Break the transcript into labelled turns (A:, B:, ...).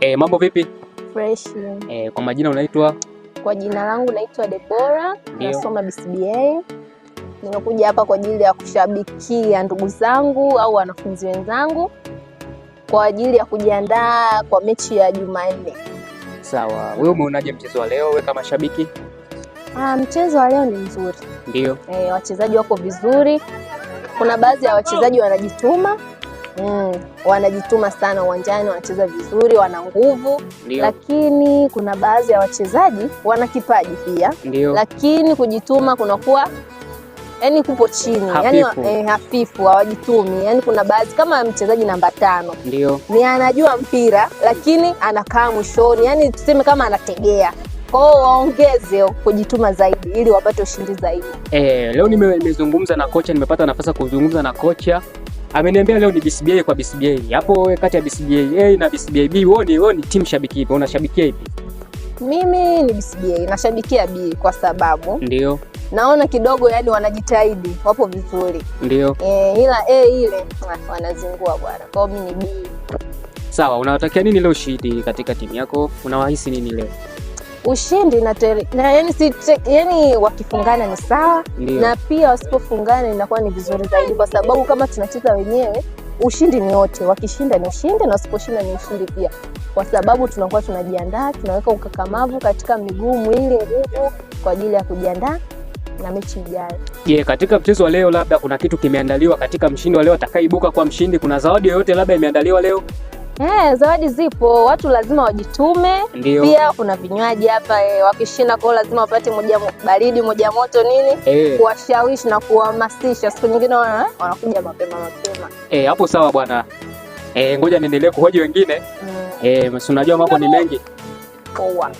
A: E, mambo vipi? Fresh. E, kwa majina unaitwa?
B: Kwa jina langu naitwa Debora, nasoma BCBA. Nimekuja hapa kwa ajili ya kushabikia ndugu zangu au wanafunzi wenzangu kwa ajili ya kujiandaa kwa mechi ya Jumanne.
A: Sawa, wewe umeonaje mchezo wa leo, wewe kama shabiki?
B: Ah, mchezo wa leo ni mzuri. Ndio. E, wachezaji wako vizuri, kuna baadhi ya wachezaji wanajituma mm, wanajituma sana uwanjani, wanacheza vizuri, wana nguvu. Lakini kuna baadhi ya wachezaji wana kipaji pia. Ndiyo. Lakini kujituma kunakuwa yani kupo chini hafifu, yani, eh, hafifu hawajitumi. Yani kuna baadhi kama mchezaji namba tano Ndiyo. ni anajua mpira lakini anakaa mwishoni, yani tuseme kama anategea kwao waongeze kujituma zaidi ili wapate ushindi zaidi.
A: Eh, leo nimezungumza na kocha, nimepata nafasi ya kuzungumza na kocha ameniambia leo ni BCBA kwa BCBA. Hapo wewe kati ya BCBA A na BCBA B, wewe ni wewe ni timu shabiki ipi? Unashabikia ipi?
B: Mimi ni BCBA, nashabikia B kwa sababu ndio naona kidogo yani wanajitahidi, wapo vizuri. Ndio. E, ila A ile wanazingua bwana. Kwa mimi ni B.
A: Sawa, unawatakia nini leo Shidi katika timu yako? Unawahisi nini leo?
B: ushindi na yani, si, yani wakifungana ni sawa Na pia wasipofungana inakuwa ni vizuri zaidi, kwa sababu kama tunacheza wenyewe ushindi ni wote, wakishinda ni ushindi na wasiposhinda ni ushindi pia, kwa sababu tunakuwa tunajiandaa, tunaweka ukakamavu katika miguu, mwili, nguvu kwa ajili ya kujiandaa na mechi ijayo.
A: Je, yeah, katika mchezo wa leo labda kuna kitu kimeandaliwa katika mshindi wa leo atakayeibuka kwa mshindi? Kuna zawadi yoyote labda imeandaliwa leo?
B: Eh, zawadi zipo, watu lazima wajitume. Ndiyo. Pia kuna vinywaji hapa eh, wakishinda kwao lazima wapate moja baridi moja moto nini eh, kuwashawishi na kuwahamasisha. Siku nyingine wanakuja mapema mapema
A: eh, hapo sawa bwana. Eh, ngoja niendelee kuhoji wengine mm. Eh, unajua mambo ni mengi.
B: Poa.